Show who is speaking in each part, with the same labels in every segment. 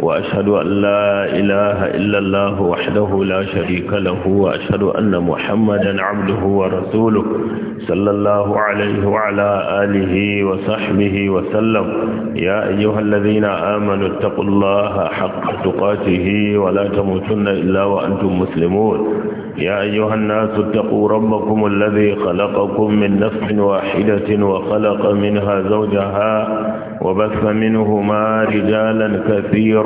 Speaker 1: وأشهد أن لا إله إلا الله وحده لا شريك له وأشهد أن محمدا عبده ورسوله صلى الله عليه وعلى آله وصحبه وسلم يا أيها الذين آمنوا اتقوا الله حق تقاته ولا تموتن إلا وأنتم مسلمون يا أيها الناس اتقوا ربكم الذي خلقكم من نفس واحدة وخلق منها زوجها وبث منهما رجالا كثيرا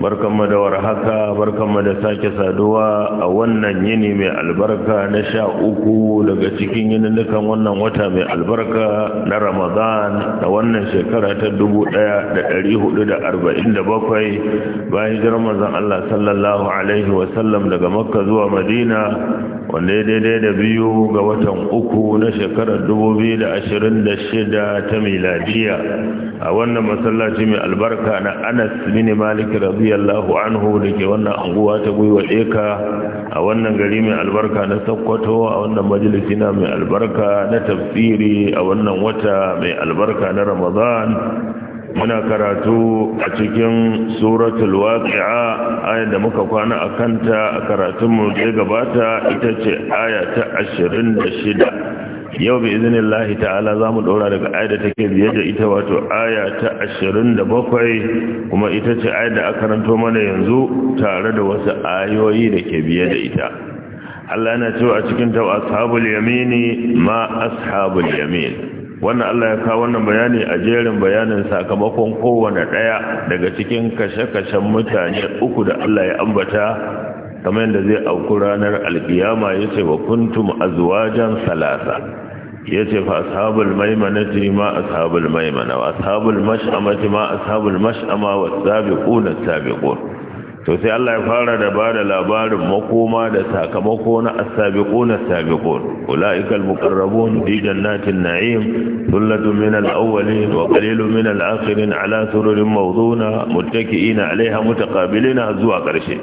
Speaker 1: barkanmu da warhaka barkanmu da sake saduwa a wannan yini mai albarka na sha uku daga cikin yininukan wannan wata mai albarka na ramadan da wannan shekara ta dubu ɗaya da da ɗari arba'in bakwai bayan hijirar manzon Allah sallallahu alaihi wasallam daga makka zuwa madina wanda ya daidai da biyu ga watan uku na shekarar dubu biyu da da shida ta miladiya a wannan masallaci mai albarka na anas mini malik rabi radiyallahu anhu da ke wannan anguwa ta gwiwa ɗeka a wannan gari mai albarka na sakkwato a wannan majalisi na mai albarka na tafsiri a wannan wata mai albarka na ramadan muna karatu a cikin suratul waqi'a ayar da muka kwana a kanta a karatunmu da gabata ita ce aya ta 26 yau bi izini lahi ta'ala za mu ɗora daga aya da take biye da ita wato aya ta ashirin da bakwai kuma ita ce aya da aka karanto mana yanzu tare da wasu ayoyi da ke biye da ita Allah yana cewa a cikin ta ashabul yamini ma ashabul yamin wannan Allah ya kawo wannan bayani a jerin bayanin sakamakon kowane ɗaya daga cikin kashe-kashen mutane uku da Allah ya ambata kamar yadda zai auku ranar alkiyama ya ce wa kuntum azwajan salasa ya ce fa ashabul maimanati ma ashabul maimana wa ashabul mash'amati ma ashabul mash'ama wa sabiquna sabiqun to sai Allah ya fara da da labarin makoma da sakamako na as-sabiquna sabiqun ulaikal muqarrabun fi jannatin na'im thullatun min al-awwalin wa qalilun min al-akhirin ala sururin mawduna muttaki'ina 'alayha mutaqabilina zuwa ƙarshe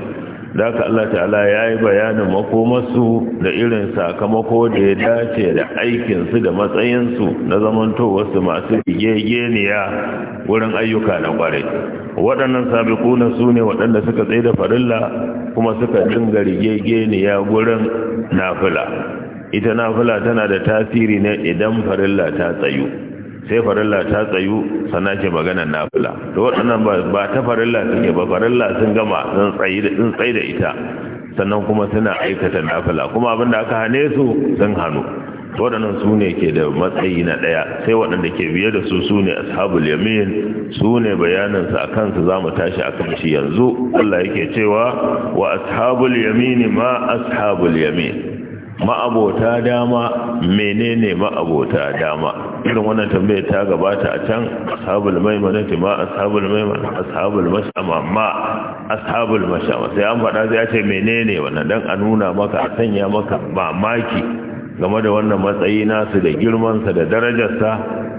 Speaker 1: da ka Allah ta'ala ya yi bayanin makomarsu da irin sakamako da ya dace da aikinsu da matsayinsu na zamantowarsu masu geniya wurin ayyuka na kwarai waɗannan sabiƙuna su ne waɗanda suka tsaye da farilla kuma suka dinga rigegeniya gurin nafila ita nafila tana da tasiri ne idan farilla ta tsayu sai farilla ta tsayu sana ke maganar nafila da waɗannan ba ta farilla suke ba farilla sun gama sun tsayi da sun tsayi da ita sannan kuma suna aikata nafila kuma abin da aka hane su sun hannu waɗannan su ne ke da matsayi na ɗaya sai waɗanda ke biye da su su ne ashabul yamin su ne bayaninsa a kansu zamu tashi a shi yanzu Allah yake cewa wa ashabul yamin ma ashabul yamin ma'abota dama menene ma'abota dama irin wannan tambaya ta gabata a can ashabul maimanati ma ashabul maimana ashabul mashama ma ashabul mashama sai an faɗa sai ya ce menene wannan dan a nuna maka a sanya maka mamaki game da wannan matsayi nasu da girmansa da darajarsa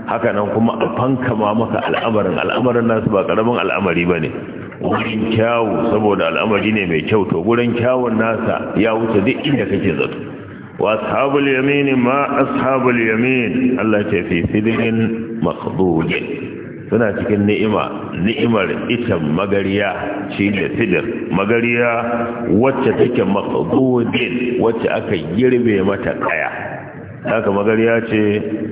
Speaker 1: haka nan kuma a ma maka al'amarin al'amarin nasu ba karamin al'amari ba ne wurin kyawu saboda al'amari ne mai kyau to wurin kyawun nasa ya wuce duk inda kake zato واصحاب اليمين yamin ma ashabul yamin Allah ce fi sidrin suna cikin ni'ima ni'imar ita magariya ne sidir magariya wacce take maqdudin wacce aka girbe mata kaya haka magariya ce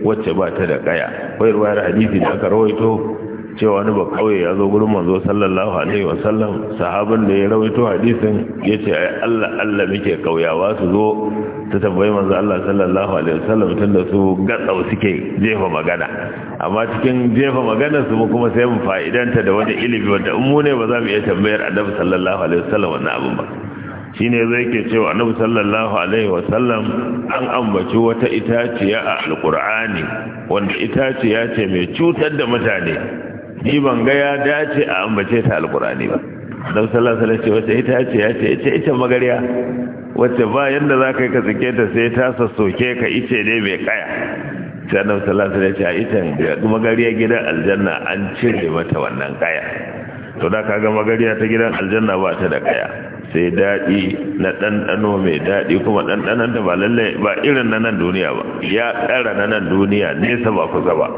Speaker 1: wacce ba ta da kaya koyarwa ruwayar hadisi da aka rawaito cewa wani ba kawai ya zo gurin manzo sallallahu alaihi wa sallam sahaban da ya rawaito hadisin ya ce ai Allah Allah muke kauyawa su zo ta tambayi manzo Allah sallallahu alaihi wa sallam tunda su gatsau suke jefa magana amma cikin jefa magana su kuma sai mu fa'idanta da wani ilimi wanda in mu ne ba za mu iya tambayar annabi sallallahu alaihi wa sallam wannan abin ba shine zai ke cewa annabi sallallahu alaihi wasallam an ambaci wata itaciya a alkur'ani wanda itaciya ce mai cutar da mutane ni ban ga ya dace a ambace ta alkur'ani ba dan sallallahu alaihi wasallam wace ita ce ya ce ita ita magariya wacce ba yanda za ka yi ka tsike ta sai ta sassoke ka ice ne mai kaya sai annabi sallallahu alaihi wasallam ya ce ita magariya gidan aljanna an cire mata wannan kaya to da ka ga magariya ta gidan aljanna ba ta da kaya sai daɗi na ɗanɗano mai daɗi kuma ɗanɗanon da ba lallai ba irin na nan duniya ba ya ƙara na nan duniya nesa ba kusa ba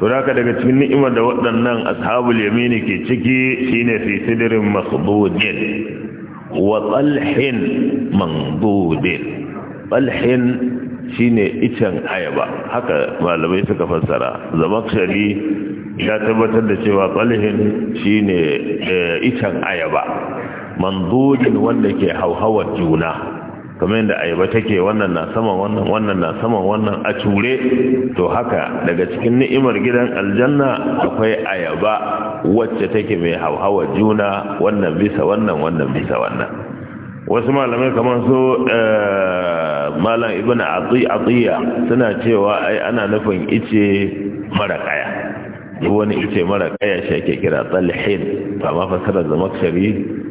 Speaker 1: to da daga cikin ni'imar da waɗannan ashabul yamini ke ciki shine fi sidrin masdudin wa talhin mandudin talhin shine icen ayaba haka malamai suka fassara zamakshari ya tabbatar da cewa talhin shine eh, icen ayaba mandudin wanda ke hauhawar juna kamar yadda ayaba take wannan na saman wannan wannan na saman wannan a ture to haka daga cikin ni'imar gidan aljanna akwai ayaba wacce take mai hauhawa juna wannan bisa wannan wannan bisa wannan wasu malamai kamar su eh, malam ibn atiya suna cewa ai ana nufin ice mara kaya duk wani ice mara kaya shi ake kira tsalhin to ma fasarar da makshari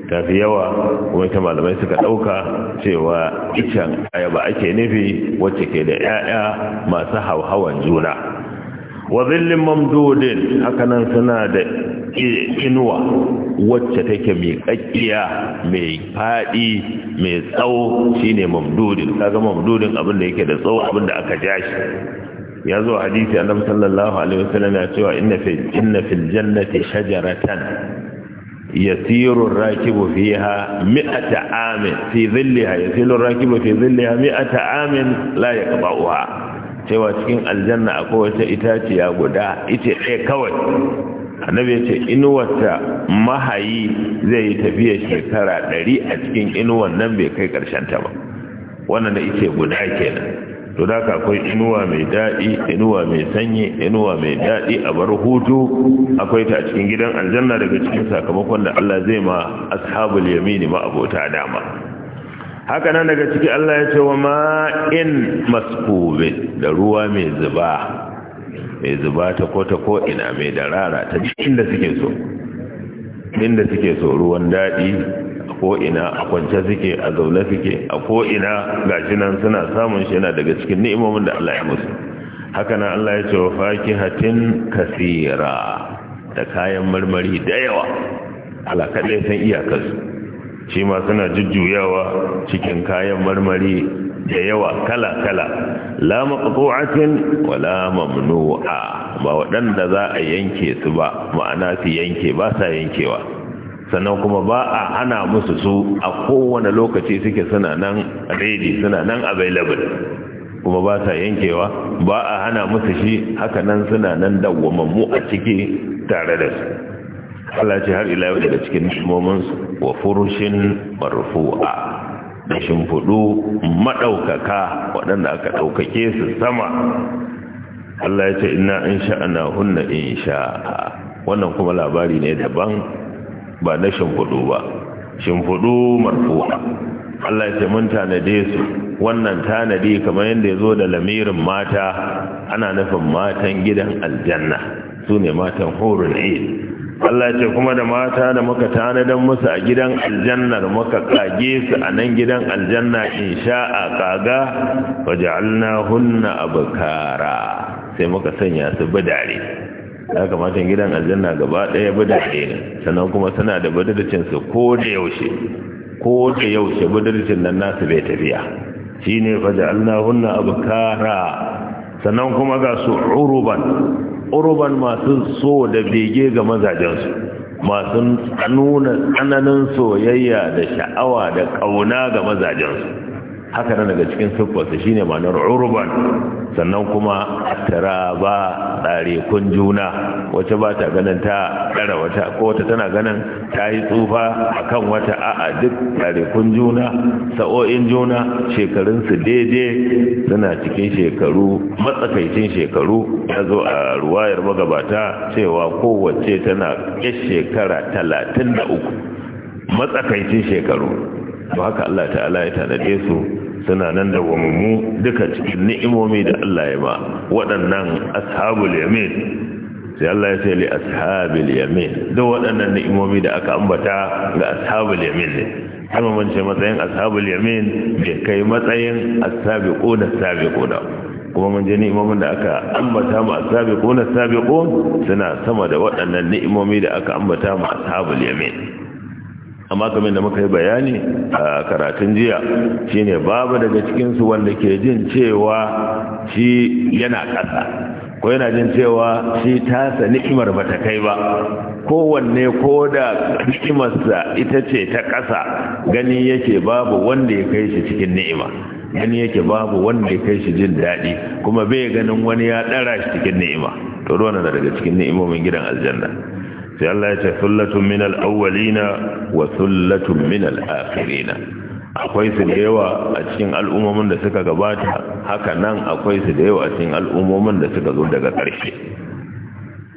Speaker 1: ta fi yawa kuma ita malamai suka ɗauka cewa icen ayaba ake nufi wacce ke da 'ya'ya masu hauhawan juna wa zillin mamdudin hakanan suna da inuwa wacce take mai kakkiya mai faɗi mai tsawo shine mamdudin kaga mamdudin abinda yake da tsawo abinda aka jashi. ya zo hadisi annabi sallallahu alaihi wasallam ya cewa inna fi inna fil jannati shajaratan yasiru ar-rakibu fiha mi'ata amin fi dhillaha yasiru ar-rakibu fi dhillaha mi'ata amin la yaqba'uha cewa cikin aljanna akwai wata itaciya guda ita ɗaya kawai annabi ya ce inuwarta mahayi zai yi tafiya shekara ɗari a cikin inuwar nan bai kai ƙarshen ta ba wannan da ita guda kenan to da ka akwai inuwa mai daɗi inuwa mai sanyi inuwa mai daɗi a bar hutu akwai ta a cikin gidan aljanna daga cikin sakamakon da Allah zai ma ashabul yamini ma abota dama haka nan daga ciki Allah ya ce wa ma in maskube da ruwa mai zuba mai zuba ta ko ko ina mai darara ta cikin da suke so inda suke so ruwan daɗi a ko'ina a kwance suke a zaune suke a ko'ina ga shi nan suna samun shi yana daga cikin ni'imomin da Allah ya musu haka na Allah ya ce wa fakihatin kasira da kayan marmari da yawa Allah kaɗai san iyakarsu shi ma suna jujjuyawa cikin kayan marmari da yawa kala-kala la maqtu'atin wala mamnu'a ba waɗanda za a yanke su ba ma'ana su yanke ba sa yankewa sannan kuma ba a hana musu su a kowane lokaci suke suna nan ready suna nan available kuma ba sa yankewa ba a hana musu shi haka nan suna nan dawwamammu a ciki tare da su Allah ce har ila yau daga cikin nishimomin wa furushin marfu'a da shimfudu madaukaka waɗanda aka ɗaukake su sama Allah ya ce ina in sha'ana hunna in sha'a wannan kuma labari ne daban ba na shimfudu ba shimfudu marfu'a Allah ya ce mun tanade su wannan tanadi kamar yadda ya zo da lamirin mata ana nufin matan gidan aljanna su ne matan horon aid Allah ya ce kuma da mata da muka tanadan musu a gidan aljannar muka kage su a nan gidan aljanna insha a kaga waja'alna hunna abkara sai muka sanya su bidare ya kamata gidan aljanna gaba ɗaya bada ɗaya sannan kuma suna da badarcinsu ko da yaushe ko da yaushe nan nasu bai tafiya shi ne faja allahunna abkara sannan kuma ga su uruban uruban masu so da bege ga mazajensu masu nuna tsananin soyayya da sha'awa da ƙauna ga mazajensu haka nan daga cikin siffarsa shine ma'anar urban sannan kuma tara ba tsare kun juna wacce ba ta ganin ta ɗara wata ko wata tana ganin ta yi tsufa kan wata a'a duk tsare kun juna sa'o'in juna shekarunsu daidai suna cikin shekaru matsakaicin shekaru ya zo a ruwayar magabata cewa kowace tana 'yar shekara talatin da uku matsakaicin shekaru to haka Allah ta'ala ya tanade su suna nan da wamumu duka cikin ni'imomi da Allah ya ba waɗannan ashabul yamin sai Allah ya ce li ashabul yamin da waɗannan ni'imomi da aka ambata ga ashabul yamin ne kuma mun ce matsayin ashabul yamin bai kai matsayin as-sabiqun kuma mun ji ni'imomin da aka ambata mu as-sabiqun suna sama da waɗannan ni'imomi da aka ambata mu ashabul yamin amma kamar da muka yi bayani a karatun jiya shine babu daga cikinsu wanda ke jin cewa shi yana ƙasa ko yana jin cewa shi tasa ni'imar ba ta kai ba kowanne ko da ni'imarsa ita ce ta ƙasa gani yake babu wanda ya kai shi cikin ni'ima gani yake babu wanda ya kai shi jin daɗi kuma bai ganin wani ya ɗara shi cikin ni'ima to ruwan daga cikin ni'imomin gidan aljanna sai Allah ya ce sullatun min al-awwalina wa sullatun min al-akhirina akwai su da yawa a cikin al'ummomin da suka gabata haka nan akwai su da yawa a cikin al'ummomin da suka zo daga ƙarshe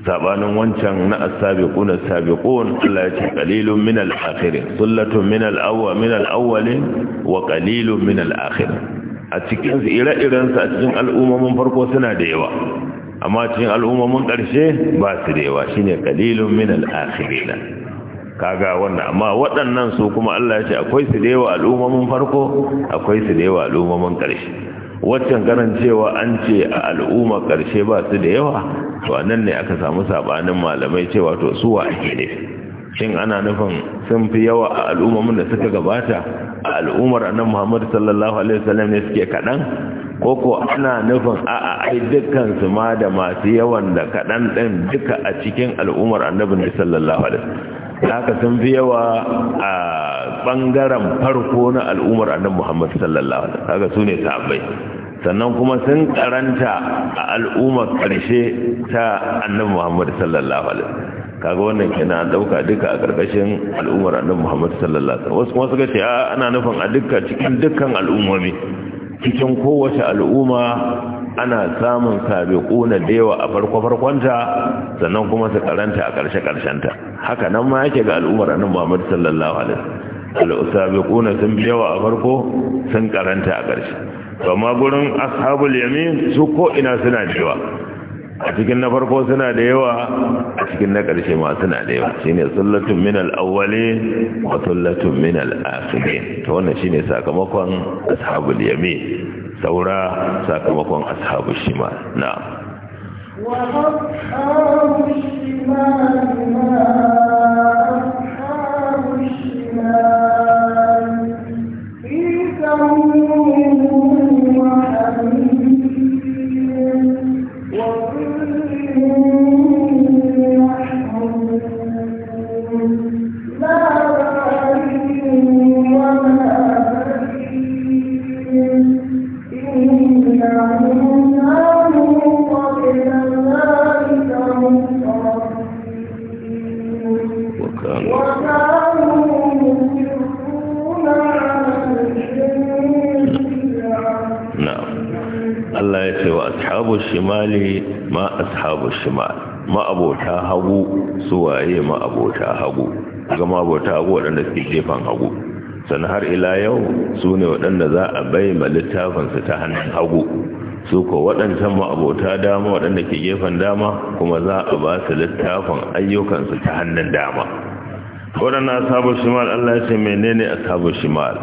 Speaker 1: sabanin wancan na as-sabiquna as-sabiqun Allah ya ce qalilun min al-akhirin sullatun min al-awwal min al-awwalin wa qalilun min al-akhirin a cikin ire-irensu a cikin al'ummomin farko suna da yawa amma cikin al'ummomin ƙarshe ba su da yawa shine qalilun min al-akhirin kaga wannan amma waɗannan su kuma Allah ya ce akwai su da yawa al'ummomin farko akwai su da yawa al'ummomin ƙarshe waccan karan cewa an ce a al'umma ƙarshe ba su da yawa to nan ne aka samu sabanin malamai cewa to su wa ake ne shin ana nufin sun fi yawa a al'ummomin da suka gabata a al'ummar annabi Muhammad sallallahu alaihi wasallam ne suke kaɗan koko ana nufin a'a ai dukkan su ma da masu yawan da kaɗan ɗin duka a cikin al'ummar annabin da sallallahu alaihi haka sun fi yawa a ɓangaren farko na al'ummar annabi muhammad sallallahu alaihi haka su ne sahabbai sannan kuma sun karanta a al'ummar ƙarshe ta annabi muhammad sallallahu alaihi kaga wannan na dauka duka a karkashin al'ummar annabi Muhammad sallallahu alaihi wasallam wasu kuma suka ce a ana nufin a dukkan cikin dukkan al'ummomi cikin kowace al'umma ana samun sabiquna da yawa a farko-farkonta sannan kuma su karanta a ƙarshe-ƙarshenta haka nan ma yake ga al'ummar annabi Muhammad sallallahu alaihi wasallam na sun bi yawa a farko sun karanta a ƙarshe to amma gurin ashabul yamin su ko ina suna da yawa a cikin na farko suna da yawa a cikin na ƙarshe ma suna da yawa shine sallatun min al-awwali wa sallatun min al-akhirin to wannan shine sakamakon ashabul yami saura sakamakon ashabul shima na
Speaker 2: wa ashabul shimal ma ashabul shimal
Speaker 1: ashabu shimali ma ashabu shimali ma'abota hagu su waye ma'abota hagu ga ma'abota hagu waɗanda suke gefen hagu sannan har ila yau su ne waɗanda za a bai ma littafinsu ta hannun hagu su ko waɗancan ma'abota dama waɗanda ke gefen dama kuma za a ba su littafin ayyukansu ta hannun dama waɗanda ashabu shimal Allah ya ce menene ashabu shimal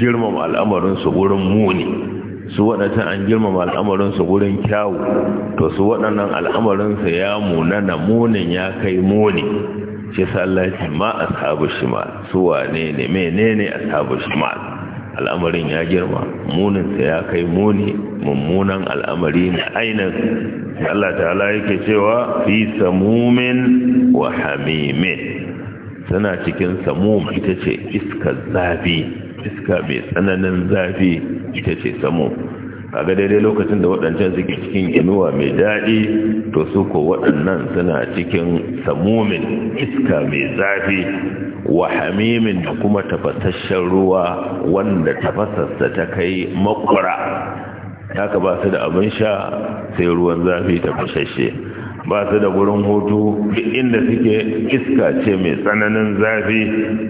Speaker 1: girmama al'amarinsu wurin muni su waɗancan an girmama al'amarinsu wurin kyawu to su waɗannan al'amarinsu ya na munin ya kai muni shi sallaci ma sabu shimal su wa ne ne ne a sabu shimal al'amarin ya girma muninsa ya kai muni mummunan al'amari na ainihin Allah ala yake cewa fi samumin wa hamimin suna cikin samum ita ce iskar zafi iska mai tsananin zafi ita ce samu ga daidai lokacin da waɗancan suke cikin inuwa mai daɗi to su ko waɗannan suna cikin samumin iska mai zafi wa hamimin da kuma tafasasshen ruwa wanda tafasarsa ta kai makwara ka ba su da abin sha sai ruwan zafi tafasasshe ba su da gurin hutu duk inda suke iska ce mai tsananin zafi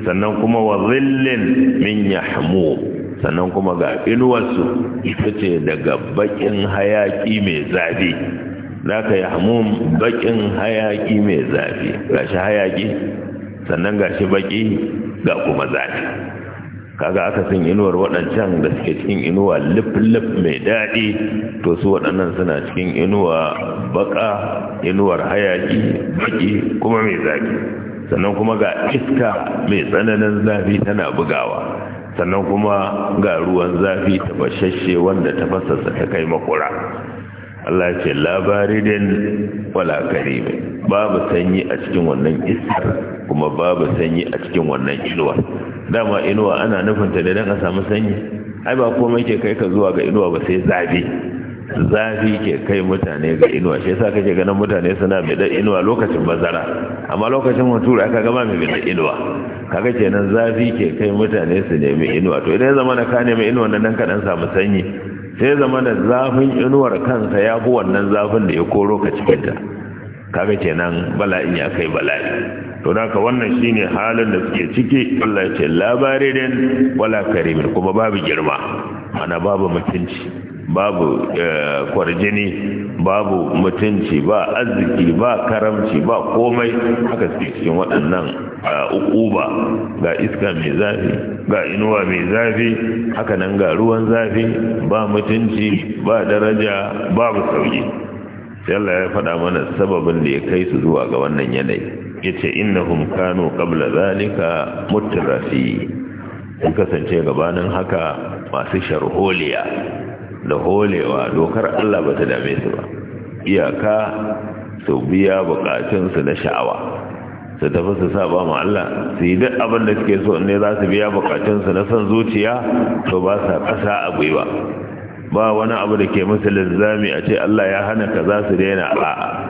Speaker 1: sannan kuma wa zillin min yahmu sannan kuma ga inuwarsu ita ce daga bakin hayaki mai zafi za ka yi hamun bakin hayaki mai zafi gashi hayaki sannan gashi baki ga kuma zafi kaga aka san inuwar waɗancan da suke cikin inuwa lif-lif mai daɗi to su waɗannan suna cikin inuwa baka inuwar hayaki baki kuma mai zafi sannan kuma ga iska mai tsananin zafi tana bugawa sannan kuma ga ruwan zafi ta tafashashe wanda ta tafasarsa ta kai makura Allah ce labaridin wala karibe babu sanyi a cikin wannan iskar kuma babu sanyi a cikin wannan inuwar dama inuwa ana nufinta da dan a samu sanyi ai ba komai ke kai ka zuwa ga inuwa ba sai zafi zafi ke kai mutane ga inuwa shi yasa kake ganin mutane suna mai bida inuwa lokacin bazara amma lokacin hutura aka ba mai bida inuwa kaga kenan zafi ke kai mutane su nemi inuwa to idan ya zama na ka nemi inuwa nan ka dan samu sanyi sai ya zama da zafin inuwar kansa ya fi wannan zafin da ya koro ka cikinta kaga kenan bala'in ya kai bala'i to da ka wannan shine halin da suke ciki Allah ya ce labarin wala karimin kuma babu girma ana babu mutunci babu eh, kwarjini babu mutunci ba arziki ba karamci ba komai haka suke cikin waɗannan eh, ukuba ga iska mai zafi ga inuwa mai zafi haka nan ga ruwan zafi ba mutunci ba daraja babu sauyi sai Allah ya faɗa mana sababin da ya kai su zuwa ga wannan yanayi yace innahum kanu qabla zalika mutrafi sun kasance gabanin haka masu sharholiya da holewa dokar Allah bata dame su ba iyaka su biya bukatun su na sha'awa su tafi su saba ma Allah su yi duk abin da suke so ne za su biya bukatun su na son zuciya to ba sa kasa a gwiwa ba wani abu da ke musu linzami a ce Allah ya hana za su daina a'a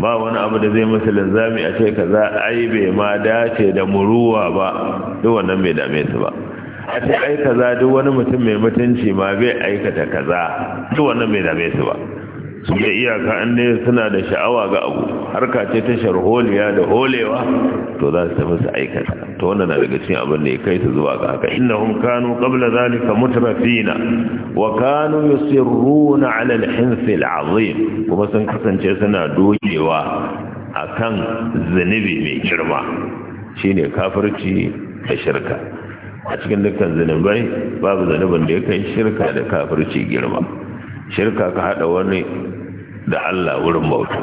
Speaker 1: ba wani abu da zai masa linzami a ce kaza ai bai ma dace da muruwa ba duk wannan bai dame su ba a ce ai kaza duk wani mutum mai mutunci ma bai aikata kaza duk wannan bai dame su ba su da iyaka an suna da sha'awa ga abu harka ce ta sharholiya da holewa to za su tafi su aikata to wannan na daga cikin abin da ya kai su zuwa ga haka innahum kanu qabla zalika mutrafina wa kanu yusirruna ala al-hins al-azim kuma sun kasance suna dogewa akan zunubi mai girma shine kafirci da shirka a cikin dukkan zunubai babu zunubin da ya kai shirka da kafirci girma shirka ka hada wani da Allah wurin bauta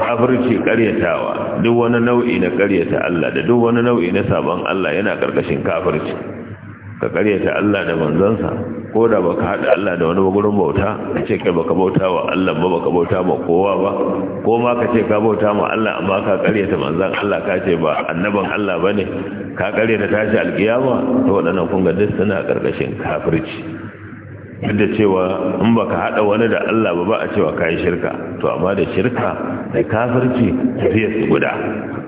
Speaker 1: afirci karyatawa duk wani nau'i na karyata Allah da duk wani nau'i na sabon Allah yana karkashin kafirci ka karyata Allah da manzansa ko da baka hada Allah da wani gurin bauta kace kai baka bauta wa Allah ba baka bauta ma kowa ba ko ma kace ka bauta ma Allah amma ka karyata manzan Allah kace ba annaban Allah bane ka karyata tashi alkiyama to wadannan kun ga duk suna karkashin kafirci da cewa in baka hada wani da Allah ba ba a cewa kai shirka to amma da shirka da kafirci tafiya su guda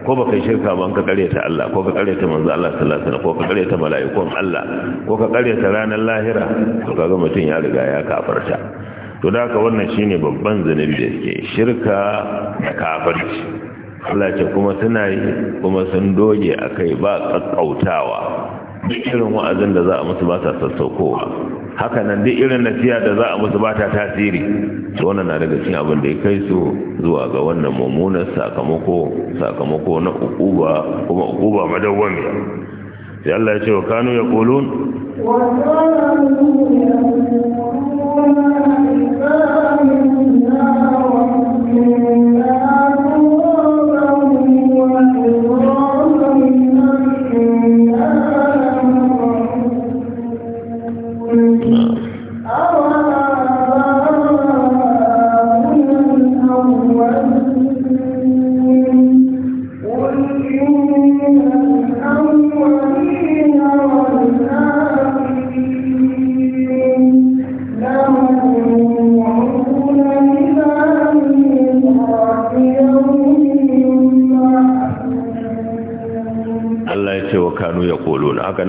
Speaker 1: ko kai shirka ba ka karyata Allah ko ka karyata manzo Allah sallallahu alaihi wasallam ko ka karyata mala'ikun Allah ko ka karyata ranar lahira to ga mutun ya riga ya kafarta to da haka wannan shine babban zanubi da yake shirka da kafirci Allah ce kuma suna yi kuma sun doge akai ba ƙaƙƙautawa duk irin wa'azin da za a musu ba sa sassaukowa haka nan duk irin nasiha da za a musu ba ta tasiri to wannan na daga cikin abin da ya kai su zuwa ga wannan mummunan sakamako sakamako na ukuba kuma ukuba madawwami sai Allah ya ce wa kanu ya qulun
Speaker 2: wa kanu ya qulun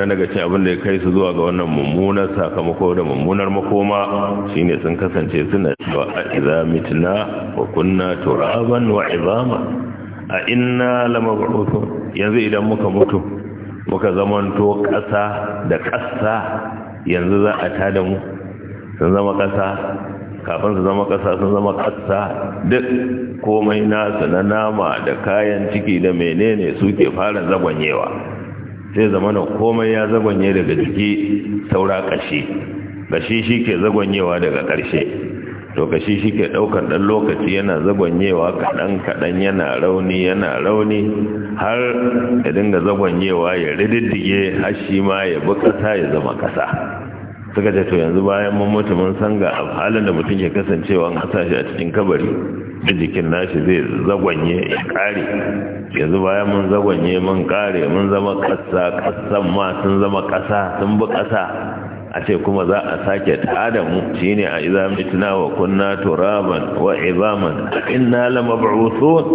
Speaker 1: kaga daga cin abin da ya kai su zuwa ga wannan mummunar sakamako da mummunar makoma shine sun kasance suna cewa a idza mitna wa kunna turaban wa izama a inna lamab'uthun yanzu idan muka mutu muka zamanto ƙasa da ƙasa yanzu za a tada mu sun zama ƙasa kafin su zama ƙasa sun zama ƙasa duk komai nasu na nama da kayan ciki da menene suke fara zagwanyewa zai zama na komai ya zagonye daga jiki saura kashi kashi shi ke zagonyewa daga karshe to kashi shi ke ɗaukar ɗan lokaci yana zagoyewa kaɗan-kaɗan yana rauni yana rauni har ya dinga zagonyewa ya rididdige har ma ya bi ƙasa ya zama kasa suka ce to yanzu bayan mun mutu mun san ga halin da mutum ke kasancewa a a cikin kabari da jikin nashi zai zagwanye ya kare yanzu bayan mun zagwanye mun kare mun zama kasa kasan ma sun zama kasa sun bi kasa a ce kuma za a sake tada mu Shi ne a iza mitina wa kunna turaban wa izaman inna mab'uthun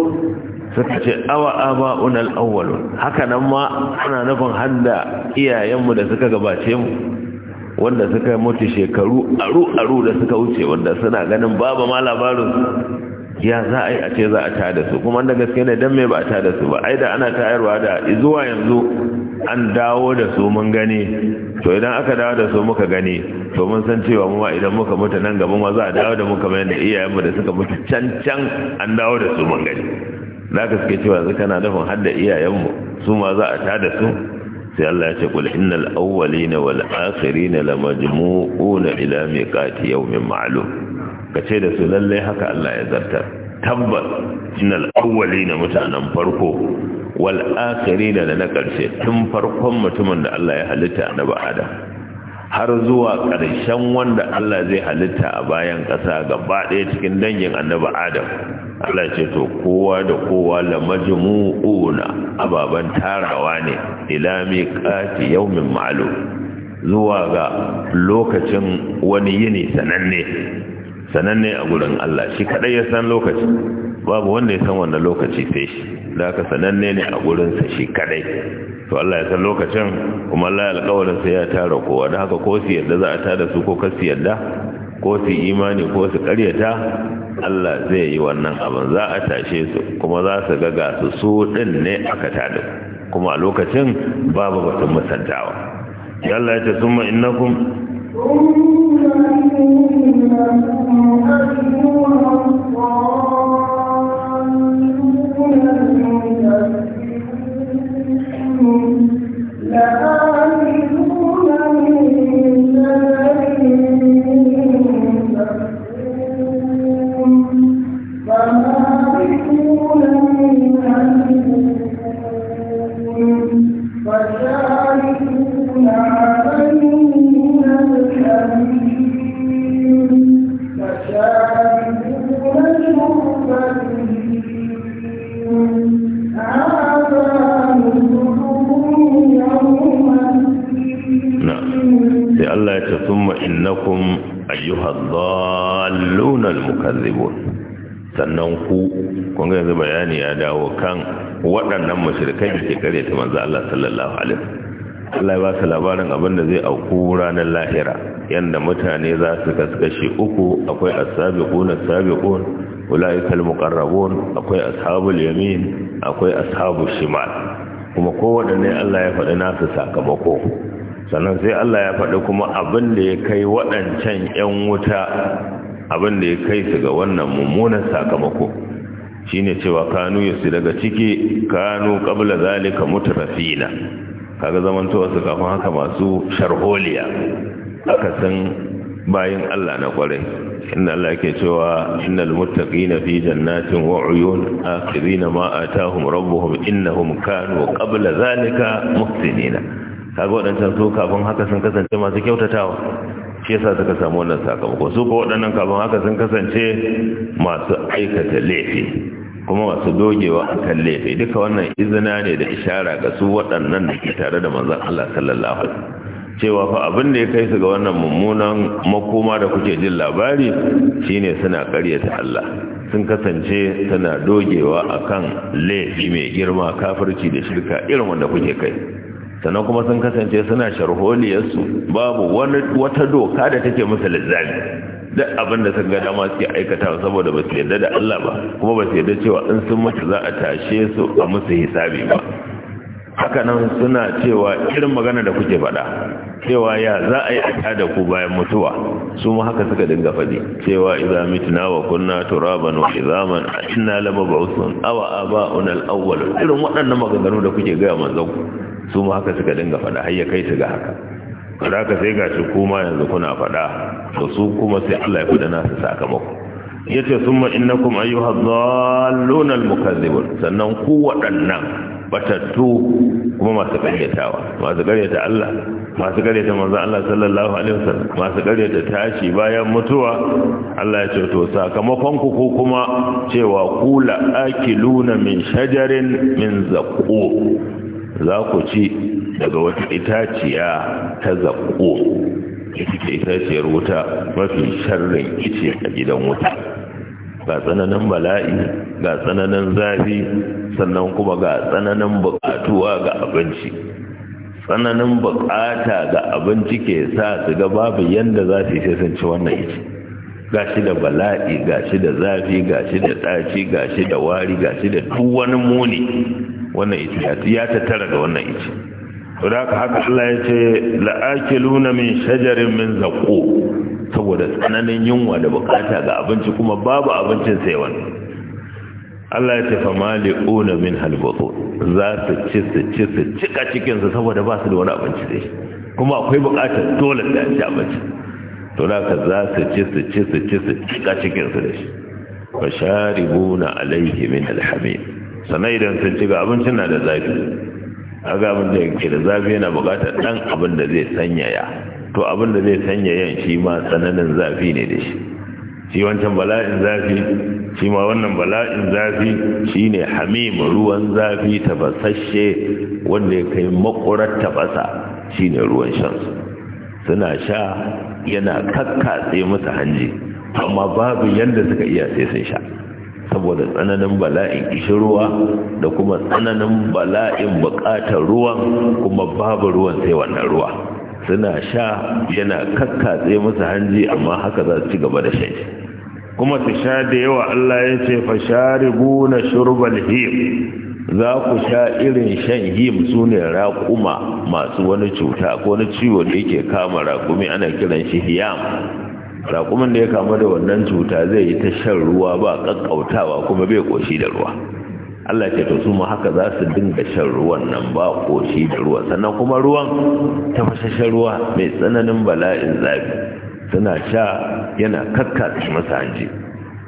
Speaker 1: suka ce awa aba unal awwalun haka nan ma ana nufin hadda iyayenmu da suka gabace mu wanda suka mutu shekaru aru aru da suka wuce wanda suna ganin babu ma labarin ya za a yi a ce za a ta da su kuma da gaske ne dan me ba a ta da su ba ai da ana tayarwa da zuwa yanzu an dawo da su mun gani to idan aka dawo da su muka gani to mun san cewa mu ma idan muka mutu nan gaba ma za a dawo da mu kamar yadda iyayenmu da suka mutu can can an dawo da su mun gani za ka suke cewa yanzu kana dafa har da iyayenmu su ma za a ta da su sai Allah ya ce kul innal awwalina wal akhirina lamajmu'una ila miqati yawmin ma'lum ka ce da su lalle haka Allah ya zartar tabbas innal awwalina mutanen farko wal akhirina da na karshe tun farkon mutumin da Allah ya halitta ba Adam har zuwa ƙarshen wanda Allah zai halitta a bayan ƙasa gaba ɗaya cikin dangin annabi Adam Allah ce to kowa da kowa la majmu'una ababan tarawa ne ila miqati yawmin ma'lum zuwa ga lokacin wani yini sananne sananne a gurin Allah shi kadai ya san lokaci babu wanda ya san wanda lokaci sai shi da ka sananne ne a gurinsa shi kadai to Allah ya san lokacin kuma Allah ya alƙawarin sai ya tara kowa da haka ko su yadda za a su ko kasu yadda ko su imani ko su ƙaryata Allah zai yi wannan abin za a tashe su kuma za su ga ga su din ne aka tada kuma a lokacin babu batun musantawa Allah ya ce summa innakum
Speaker 2: Yeah.
Speaker 1: sannan ku kun ga yanzu bayani ya dawo kan waɗannan mashirkai da ke kare ta manzo Allah sallallahu alaihi Allah ya ba su labarin abin da zai auku ranar lahira yanda mutane za su kaskashe uku akwai as-sabiqun as-sabiqun ulaikal muqarrabun akwai ashabul yamin akwai ashabul shimal kuma wadanne Allah ya faɗi nasu sakamako sannan sai Allah ya faɗi kuma abin da ya kai waɗancan ƴan wuta abin da ya kai su ga wannan mummunan sakamako shine cewa kanu su daga ciki kanu qabla zalika rafina kaga zamantowa su kafin haka masu sharholiya aka san bayan Allah na kwarai inna Allah yake cewa innal muttaqina fi jannatin wa uyun akhirina ma atahum rabbuhum innahum kanu qabla zalika muhsinina kaga wadancan su kafin haka sun kasance masu kyautatawa shi yasa suka samu wannan sakamako su ko waɗannan kafin haka sun kasance masu aikata laifi kuma masu dogewa a kan laifi duka wannan izina ne da ishara ga su waɗannan da ke tare da manzan Allah sallallahu alaihi cewa fa abin da ya kai su ga wannan mummunan makoma da kuke jin labari shine suna karyata Allah sun kasance suna dogewa akan laifi mai girma kafirci da shirka irin wanda kuke kai sannan kuma sun kasance suna sharholiyarsu babu wata doka da take musu lizzami duk abin da sun ga dama suke aikata saboda ba su yarda da Allah ba kuma ba su yarda cewa in sun mutu za a tashe su a musu hisabi ba Hakanan suna cewa irin magana da kuke faɗa cewa ya za a yi a da ku bayan mutuwa su ma haka suka dinga faɗi cewa idza mitna wa kunna turaban wa izaman inna lamab'uthun aw aba'una al-awwal irin waɗannan maganganu da kuke ga manzo su ma haka suka dinga faɗa har kai su ga haka kada ka sai gashi kuma yanzu kuna faɗa to su kuma sai Allah ya faɗa nasu sakamako yace summa innakum ayyuha dhalluna almukazzibun sannan ku waɗannan batattu kuma masu ƙaryatawa masu ƙaryata Allah masu ƙaryata manzo Allah sallallahu alaihi wasallam masu ƙaryata tashi bayan mutuwa Allah ya ce to sakamakon ku ko kuma cewa kula akiluna min shajarin min zaqu za ku ci daga wata itaciya ta zaƙo ita itaciyar wuta mafi sharrin ice a gidan wuta ga tsananin bala'i ga tsananin zafi sannan kuma ga tsananin buƙatuwa ga abinci tsananin buƙata ga abinci ke sa su ga babu yadda za su yi sun wannan ice ga shi da bala'i ga shi da zafi ga shi da ɗaci ga shi da wari ga shi da tuwon muni wannan ice ya tattara ga wannan ice da haka haka Allah ya ce la'akiluna min shajarin min zaqo saboda tsananin yunwa da bukata ga abinci kuma babu abincin sai wannan Allah ya ce fa mali'una min halbutu za su ci su ci su cika cikin su saboda ba su da wani abinci dai kuma akwai bukatar dole da ci abinci to da haka za su ci su ci su ci su cika cikin su da shi fa sharibuna alayhi min alhamim sannan idan sun ci ga abincin na da zafi a ga abin da yake da zafi yana buƙatar ɗan abin da zai sanyaya to abin da zai sanyaya shi ma tsananin zafi ne da shi shi wancan bala'in zafi shi ma wannan bala'in zafi shine hamim ruwan zafi tafasashe wanda ya kai makurar tafasa shine ruwan shansu suna sha yana sai musu hanji amma babu yadda suka iya sai sun sha saboda tsananin bala'in ruwa da kuma tsananin bala'in bukatar ruwan kuma babu ruwan sai wannan ruwa suna sha yana kakkatse musu hanji amma haka za su ci gaba da shan kuma su sha da yawa Allah ya ce fa sharibu na shurbal him za ku sha irin shan him su ne raƙuma masu wani cuta ko wani ciwo da yake kama raƙumi ana kiran shi hiyam raƙumin da ya kama da wannan cuta zai yi ta shan ruwa ba ƙaƙƙautawa kuma bai ƙoshi da ruwa Allah ce to su haka za su dinga shan ruwan nan ba ƙoshi da ruwa sannan kuma ruwan ta fashashen ruwa mai tsananin bala'in zafi suna sha yana shi masa hanji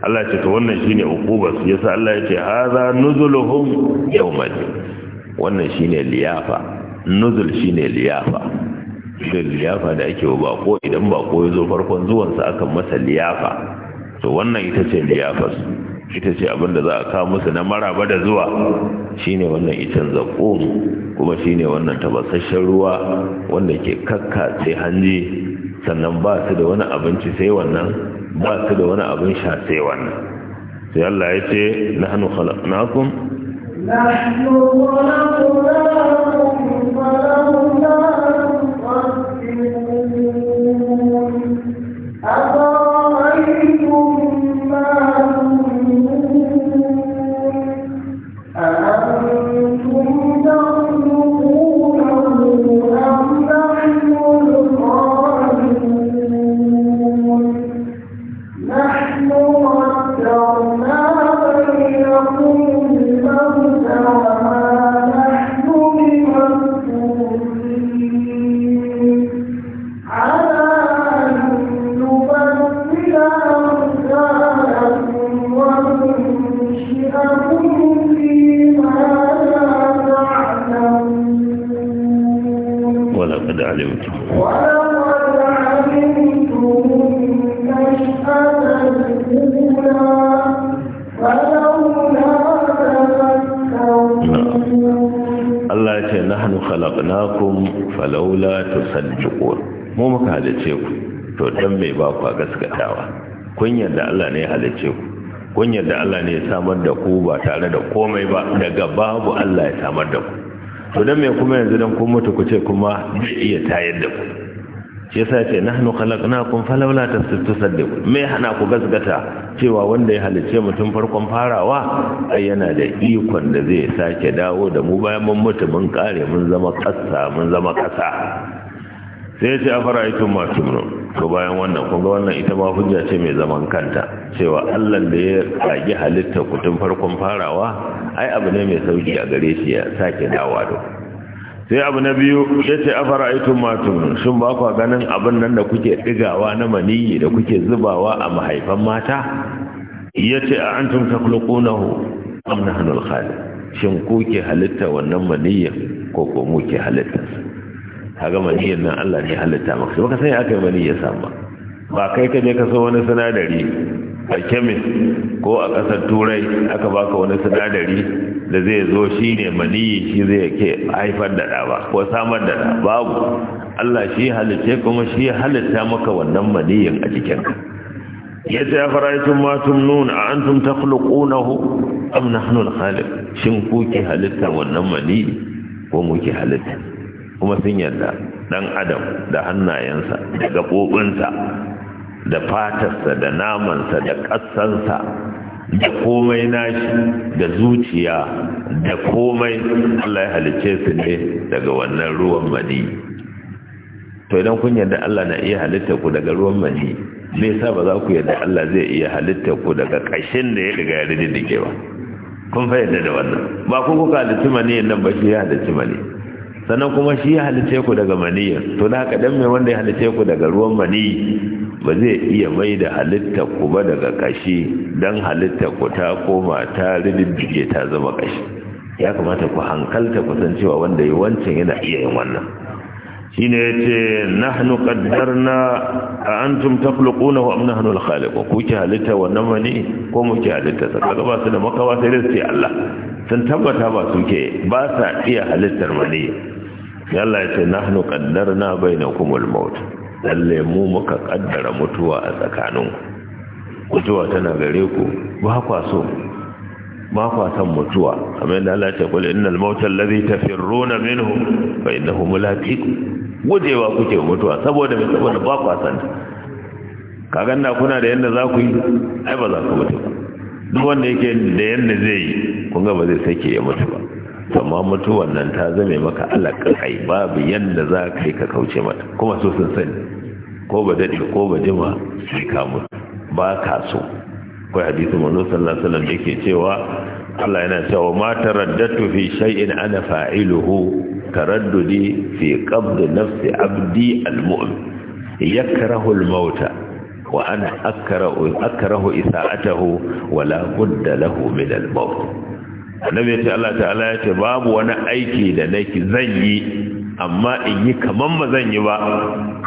Speaker 1: Allah ce to wannan shine uqubar su yasa Allah ya ce hadha Yau yawmal wannan shi ne liyafa nuzul shi ne liyafa irin liyafa da ake wa bako idan bako ya zo farkon zuwansa akan masa liyafa to wannan ita ce liyafas ita ce abinda za a kawo musu na maraba da zuwa shine wannan icen zaƙo kuma shine wannan tabasasshen ruwa wanda ke kakka sai hanji sannan ba su da wani abinci sai wannan ba su da wani abin sha sai wannan sai Allah ya ce nahnu khalaqnakum
Speaker 2: nahnu khalaqnakum Huh?
Speaker 1: kun da Allah ne ya samar da ku ba tare da komai ba daga babu Allah ya samar da ku to dan me kuma yanzu dan kun mutu ku ce kuma bai iya tayar da ku shi yasa ce nahnu khalaqnakum falawla tasaddiqun me hana ku gasgata cewa wanda ya halice mutum farkon farawa ai yana da ikon da zai sake dawo da mu bayan mun mutu mun kare mun zama kasa mun zama kasa sai ce a fara'aitun masu to bayan wannan kunga wannan ita ma hujja ce mai zaman kanta cewa allan da ya ragi halitta kutun farkon farawa ai abu ne mai sauki a gare shi ya sake dawa da sai abu na biyu ya ce a fara'aitun masu shin ba kwa ganin abin nan da kuke ɗigawa na maniyi da kuke zubawa a mahaifan mata ya ce a an tun taklakunahu amna hannun shin ku halitta wannan maniyin ko ko muke ke kaga maniyyar nan Allah ne halitta maka baka san sai aka maniyyar samu ba kai ka je ka so wani sinadari a kemis ko a ƙasar turai aka baka wani sinadari da zai zo shi ne maniyyi shi zai ke haifar da ɗa ba ko samar da ɗa babu Allah shi halitta kuma shi halitta maka wannan maniyyin a jikinka ya ce ya fara'itun matun nuna a an tun takhluqunahu am na hannun halin shin ku ke halitta wannan maniyyi ko muke halitta kuma sun yarda dan adam da hannayensa da gaɓoɓinsa da fatarsa da namansa da ƙasansa da komai nashi da zuciya da komai Allah ya halice su ne daga wannan ruwan mani to idan kun yarda Allah na iya halitta ku daga ruwan mani me yasa ba za ku yarda Allah zai iya halitta ku daga ƙashin da ya riga ya ke ba kun fa yarda da wannan ba kun kuka halitta mani nan ba shi ya halitta mani sannan kuma shi ya halice ku daga maniyya to na haka mai wanda ya halice ku daga ruwan mani ba zai iya mai da halitta ku ba daga kashi dan halitta ku ta koma ta rididdige ta zama kashi ya kamata ku hankalta ku san cewa wanda ya wancan yana iya yin wannan na yace ƙaddar na a antum takhluqunahu wa amina al alkhaliku ku ki halitta wannan mani ko mu ki halitta sa kaga ba su da makawa sai ce Allah sun tabbata ba suke ba sa iya halittar mani yalla ya ce nahnu qaddarna bainakumul maut lalle mu muka kaddara mutuwa a tsakaninku mutuwa tana gare ku ba kwa so ba kwa san mutuwa kamar yadda Allah ce kul innal mauta allazi tafirruna minhu fa innahu mulaqiku gujewa kuke mutuwa saboda me saboda ba kwa san kaga na kuna da yanda za ku yi ai ba za ku mutu duk wanda yake da yanda zai yi kun ga ba zai sake ya mutu ba amma mutuwan nan ta zame maka alaƙaƙai babu yadda za ka yi ka kauce mata kuma so sun sani ko ba daɗe ko ba jima sai ka ba ka so kawai hadisi manzo sallallahu alaihi wasallam yake cewa Allah yana cewa ma taraddatu fi shay'in ana fa'iluhu taraddudi fi qabd nafsi abdi almu'min yakrahu almauta wa ana akrahu akrahu isa'atahu wala budda lahu min almaut annabi ya ce Allah ta'ala ya ce babu wani aiki da nake zan yi amma in yi kaman ba zan yi ba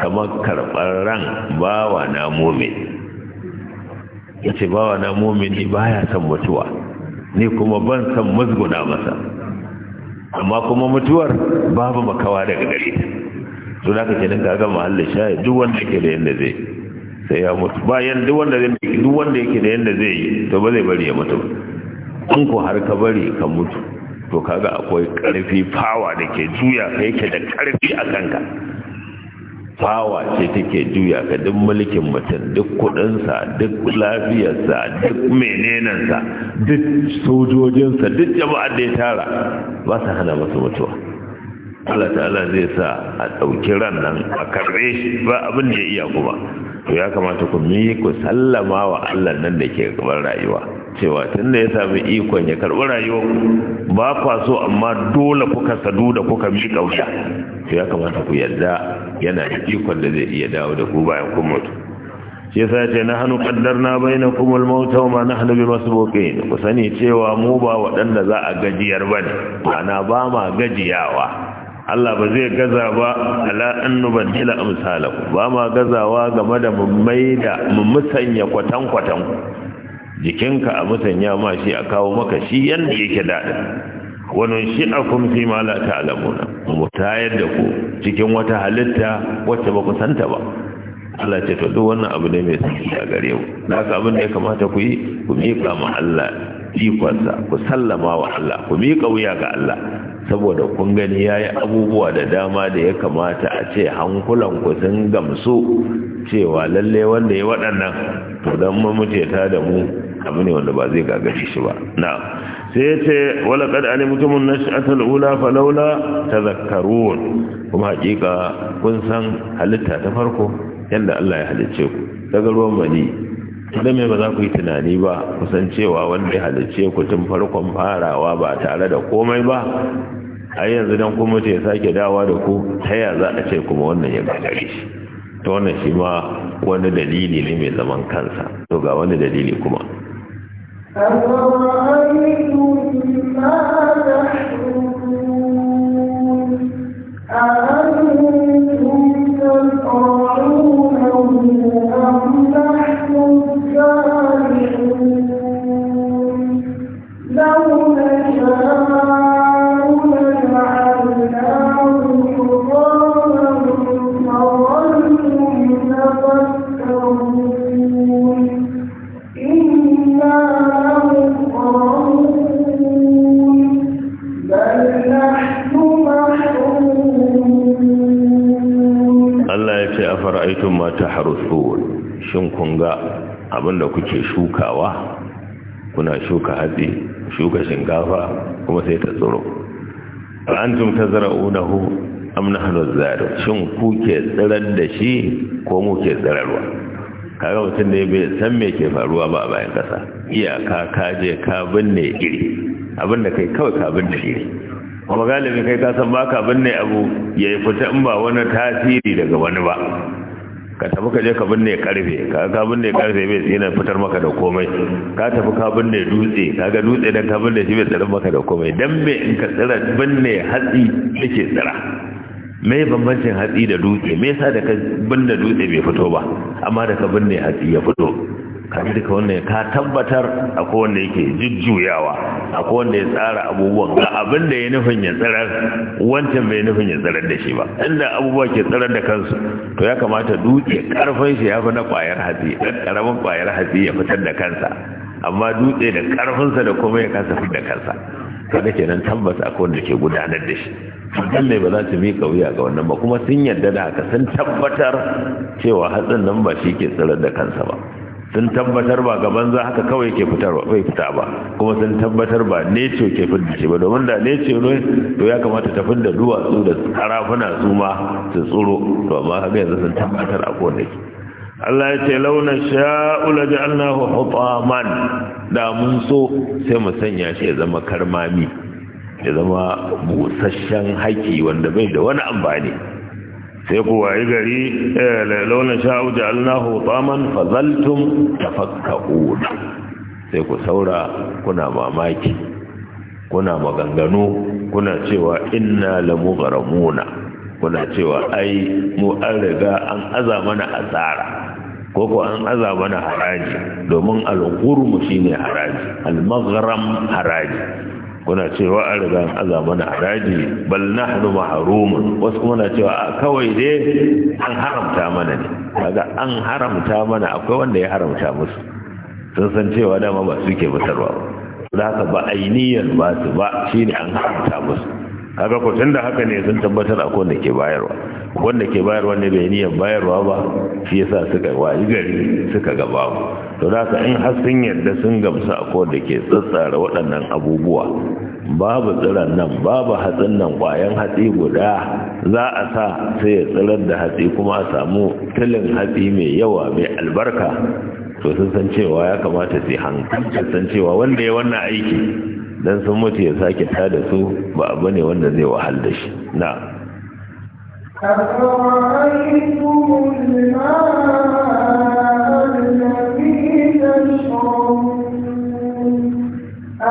Speaker 1: kaman karɓar ran bawa na mumin ya ce bawa na mumini baya son mutuwa ni kuma ban son musguna masa amma kuma mutuwar babu makawa daga gare ta to da ce nan kaga mahallin shayi duk wanda yake da yanda zai sai ya mutu bayan duk wanda zai duk wanda yake da yanda zai yi to ba zai bari ya mutu in ku har ka bari ka mutu to kaga akwai karfi fawa da ke juya ka yake da karfi a kanka fawa ce take juya ka duk mulkin mutum duk kudinsa duk lafiyarsa duk menenansa duk sojojinsa duk jama'ar da ya tara ba su hana masu mutuwa Allah ta'ala zai sa a ɗauki ran nan a karbe shi ba abin da ya iya kuma to ya kamata ku mi ku sallama wa Allah nan da ke gaban rayuwa cewa tun da ya sami ikon ya karɓi rayuwar ba kwa so amma dole kuka sadu da kuka mi ƙauya to ya kamata ku yarda yana da ikon da zai iya dawo da ku bayan kun mutu shi yasa ce na hannu kaddar na bai na kuma mauta ma na hannu bi masu boke ku sani cewa mu ba waɗanda za a gajiyar ba ne ana ba ma gajiyawa Allah ba zai gaza ba ala annu badila amsalaku ba ma gazawa game da mu maida mu musanya kwatan kwatan jikinka a musanya ma shi a kawo maka shi yadda yake daɗa. wani shi a kumfi ma la alamuna mu tayar da ku cikin wata halitta wacce ba ku santa ba Allah ce to duk wannan abu ne mai sauki a gare ku na ka abin da ya kamata ku yi ku miƙa ma Allah ikonsa ku sallama wa Allah ku miƙa wuya ga Allah saboda kun gani yayi abubuwa da dama da ya kamata a ce hankulan ku sun gamsu cewa lalle wanda ya waɗannan to dan mu ta da mu abu ne wanda ba zai gagace shi ba na'am sai yace wala qad alimtumun nash'atul ula ta tadhakkarun kuma hakika kun san halitta ta farko yanda Allah ya halicce ku daga ruwan mani da me ba za ku yi tunani ba kusan cewa wanda ya halicce ku tun farkon farawa ba tare da komai ba a yanzu dan kuma ya sake dawa da ku ta ya za a ce kuma wannan ya gagare shi to wannan shi ma wani dalili ne mai zaman kansa to ga wani dalili kuma
Speaker 2: أفرأيتم ما تحرمون
Speaker 1: antum tazra'unahu am nahnu az zari, shin ku ke tsirar da shi ko mu ke tsirarwa kaga mutum ne bai san me ke faruwa ba a bayan kasa iyaka ka je ka binne iri abin da kai kawai ka binne iri kuma galibi kai ka san baka binne abu ya fita in ba wani tasiri daga wani ba ka tafi ka je ka binne karfe ka ga binne karfe bai tsina fitar maka da komai ka tafi ka binne dutse ka ga dutse dan ka binne shi bai tsira maka da komai dan me in ka tsira binne hatsi yake tsira me bambancin hatsi da dutse me yasa da ka binne dutse bai fito ba amma da ka binne hatsi ya fito kaji duka wannan ka tabbatar a wanda yake jujjuyawa a wanda ya tsara abubuwan ga abin da ya nufin ya tsirar wancan bai nufin ya tsirar da shi ba inda abubuwa ke tsarar da kansu to ya kamata dutse karfin shi ya fi na kwayar hatsi ɗan karamin kwayar hatsi ya fitar da kansa amma dutse da karfinsa da kuma ya kasa fitar da kansa da kenan tabbas a wanda ke gudanar da shi dan ne ba za su mika wuya ga wannan ba kuma sun yarda da haka sun tabbatar cewa hatsin nan ba shi ke tsarar da kansa ba sun tabbatar ba gaban za haka kawai ke fitarwa bai fita ba kuma sun tabbatar ba ce ke fidda shi ba domin da ce ne to ya kamata ta fidda duwatsu da karafuna su ma su tsuro to amma haka yanzu sun tabbatar a kowane Allah ya ce launa sha'u la ja'alnahu hutaman da mun so sai mu sanya shi ya zama karmami ya zama busasshen haki wanda bai da wani amfani sai ku wayi gari eh, launin sha'u allahu taman fazaltum tafakka'un sai ku saura kuna mamaki kuna maganganu kuna cewa inna lamughramuna kuna cewa ai mu an riga an aza mana asara koko an aza mana haraji domin al-ghurmu shine haraji al-maghram haraji kuna cewa a riga an aza mana haraji bal nahnu mahrumun wasu kuma na cewa kawai dai an haramta mana ne kaga an haramta mana akwai wanda ya haramta musu sun san cewa dama ba su ke batarwa ba haka ba ainiyan ba su ba shine an haramta musu kaga ko tunda haka ne sun tabbatar akwai wanda ke bayarwa wanda ke bayarwa ne bai niyan bayarwa ba shi yasa suka wayi gari suka ga babu to da ka in har sun yarda sun gamsu a ko da ke tsatsara waɗannan abubuwa babu tsiran nan babu hatsin nan ƙwayan hatsi guda za a sa sai ya tsirar da hatsi kuma a samu tilin hatsi mai yawa mai albarka to sun san cewa ya kamata su hankali san cewa wanda ya wannan aiki dan sun mutu ya sake ta da su ba abu ne wanda zai wahal da shi na
Speaker 2: أفرأيتم na.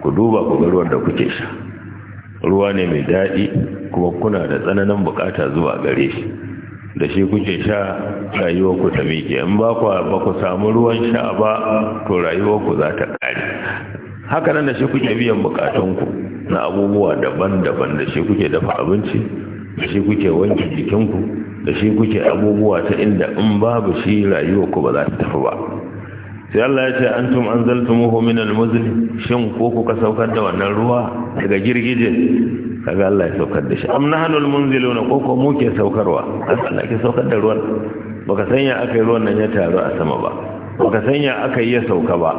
Speaker 1: ku duba ku ga ruwan da kuke sha ruwa ne mai daɗi kuma kuna da tsananin bukata zuwa gare shi da shi kuke sha rayuwar ku ta miƙe in ba ku ba ku samu ruwan sha ba to rayuwar ku za ta ƙare haka nan da shi kuke biyan ku na abubuwa daban-daban da shi kuke dafa abinci da shi kuke wanke jikinku da shi kuke abubuwa ta inda in babu shi rayuwar ku ba za ta tafi ba sai Allah ya ce an anzaltumuhu min al-muzni shin ko kuka saukar da wannan ruwa daga girgije kaga Allah ya saukar da shi am nahnu al-munziluna ko ko muke saukarwa Allah ke saukar da ruwan baka sanya aka yi ruwan nan ya taru a sama ba baka sanya aka yi ya sauka ba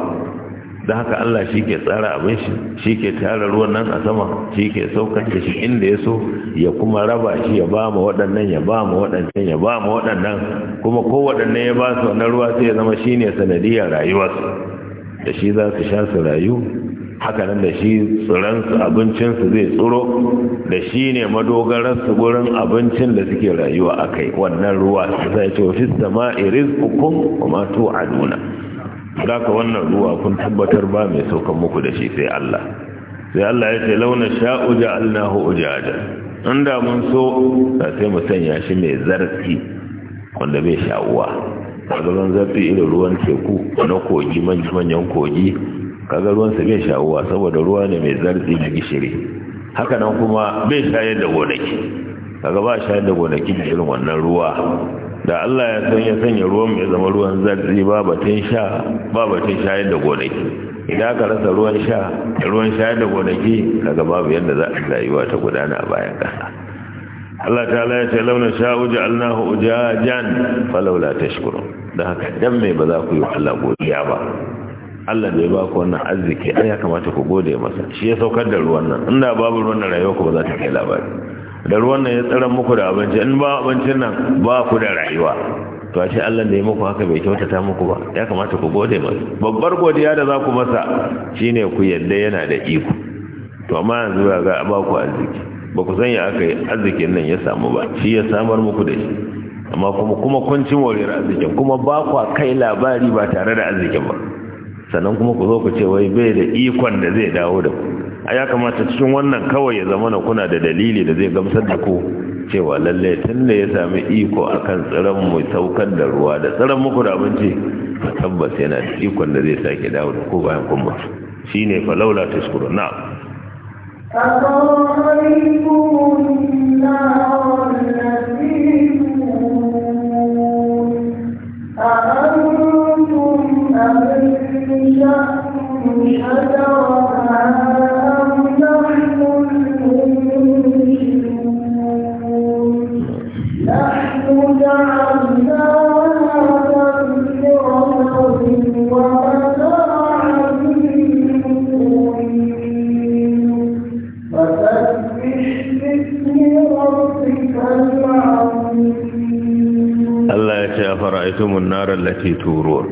Speaker 1: da haka Allah shi ke tsara abin shi shi ke tara ruwan nan a sama shi ke saukar da shi inda ya so ya kuma raba shi ya ba mu waɗannan ya ba mu waɗannan ya ba mu waɗannan kuma ko waɗannan ya ba su wannan ruwa sai ya zama shine sanadiyar rayuwarsu da shi za su sha su rayu haka nan da shi abincin abincinsu zai tsiro da shi ne su gurin abincin da suke rayuwa a kai wannan ruwa sai ce wa fi sama'i rizqukum wa ma tu'aduna zaka wannan ruwa kun tabbatar ba mai saukan muku da shi sai Allah sai Allah ya ce launa sha'u allahu ujada inda mun so sai mu sanya shi mai zarfi wanda bai sha'uwa kaga ruwan zarfi irin ruwan teku na kogi manyan kogi kaga ruwan sa bai sha'uwa saboda ruwa ne mai zarfi da gishiri haka nan kuma bai shayar da gonaki kaga ba shayar da gonaki da irin wannan ruwa da Allah ya san ya sanya ruwan mai zama ruwan zarzi ba batun sha ba batun shayar da gonaki idan aka rasa ruwan sha da ruwan shayar da gonaki kaga babu yadda za a rayuwa ta gudana a bayan ƙasa Allah ta ala ya ce launa sha'u Jan, falaula ta Shukuru. Da haka dan me ba za ku yi Allah godiya ba Allah bai ba ku wannan arziki ai ya kamata ku gode masa shi ya saukar da ruwan nan inda babu ruwan nan rayuwa ku ba za ta kai labari da ruwan nan ya tsara muku da abinci in ba abincin nan ba ku da rayuwa to a ce Allah ne ya muku haka bai kyautata muku ba ya kamata ku gode masa babbar godiya da za ku masa shine ku yadda yana da iko to amma yanzu ya ga ba ku arziki ba ku sanya aka yi arzikin nan ya samu ba shi ya samar muku da shi amma kuma kuma kun ci moriyar arzikin kuma ba ku kai labari ba tare da arzikin ba sannan kuma ku zo ku ce wai bai da ikon da zai dawo da ku a ya kamata cikin wannan kawai ya zama kuna da dalili da zai gamsar da ku cewa lalle tun da ya sami iko a kan tsiran mu saukar da ruwa da tsaron muku da abinci a tabbas yana da ikon da zai sake dawo da ku bayan kun mutu shine fa laula tashkuru na ra'aytumun naral lati turur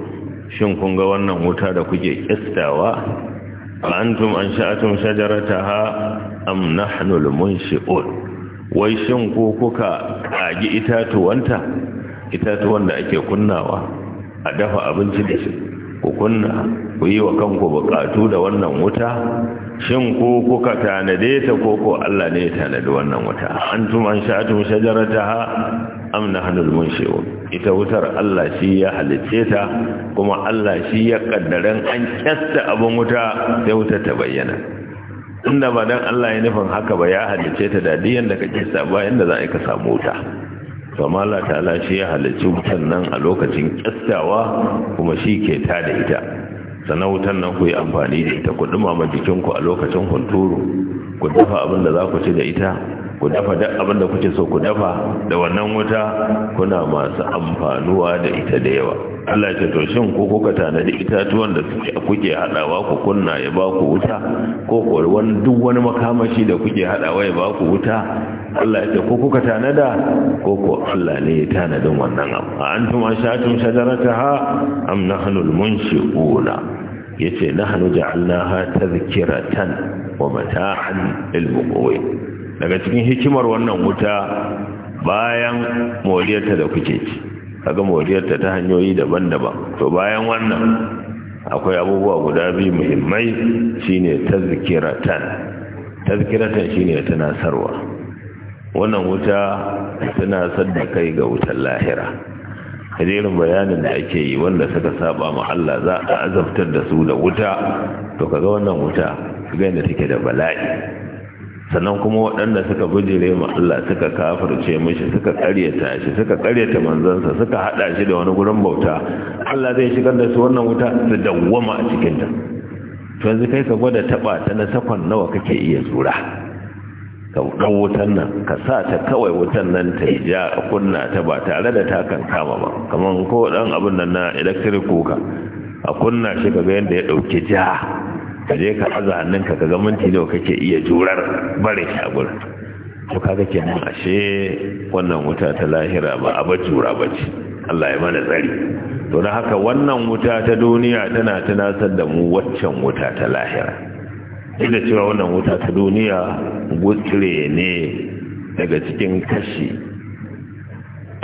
Speaker 1: shin kun ga wannan wuta da kuke kistawa antum ansha'atum shajarataha am nahnu almunshi'un wai shin ko kuka kagi itatuwanta itatuwan da ake kunnawa a dafa abinci da shi ku kunna ku yi wa kanku bukatu da wannan wuta shin ku kuka tanade ta ko ko Allah ne ya tanadi wannan wuta antum an sha'atum shajarataha am nahnul munshiu ita wutar Allah shi ya halice ta kuma Allah shi ya kaddaran an kyasta abin wuta sai wuta ta bayyana inda ba dan Allah ya nufin haka ba ya halice ta da diyan da kake bayan inda za a ka samu wuta? to Allah shi ya halice wutan nan a lokacin kyastawa kuma shi ke ta da ita sannan wutan nan ku yi amfani da ita ku dumama jikinku a lokacin hunturu ku dafa abin da za ku ci da ita ku dafa duk abin da kuke so ku dafa da wannan wuta kuna masu amfanuwa da ita da yawa Allah ya to shin ko kuka tanadi itatuwan da suke kuke hadawa ku kunna ya ba ku wuta ko ko wani duk wani makamashi da kuke hadawa ya ba ku wuta Allah ya ko kuka tanada ko ko Allah ne ya tanadi wannan abu antum ashatum shajarataha am nahnu al-munshiquna yace nahnu ta tadhkiratan wa mata'an lil daga cikin hikimar wannan wuta bayan moriyarta da kuke ci kaga moriyarta ta hanyoyi daban-daban to bayan wannan akwai abubuwa guda biyu muhimmai shine tazkiratan tazkiratan shine tunasarwa wannan wuta tana da kai ga wutar lahira kajerin bayanin da ake yi wanda suka saba ma Allah za a azabtar da su da wuta to kaga wannan wuta gani da take da bala'i sannan kuma waɗanda suka bujire ma Allah suka kafirce mishi suka ƙaryata shi suka ƙaryata manzansa suka haɗa shi da wani gurin bauta Allah zai shigar da su wannan wuta su dawwama a cikin ta to yanzu kai ka gwada taɓa ta na sakon nawa kake iya tsura ka ɗan wutan nan ka sa ta kawai wutan nan ta yi ja kunna ta ba tare da ta kankama ba kamar ko ɗan abin nan na electric kuka a kunna shi ka ga yadda ya ɗauki ja ka je ka aza hannunka ka ga minti nawa kake iya jurar bare shi a gurin to kaga kenan ashe wannan wuta ta lahira ba a ba ce. Allah ya mana tsari to dan haka wannan wuta ta duniya tana tunatar da mu waccan wuta ta lahira duk da cewa wannan wuta ta duniya gutsire ne daga cikin kashi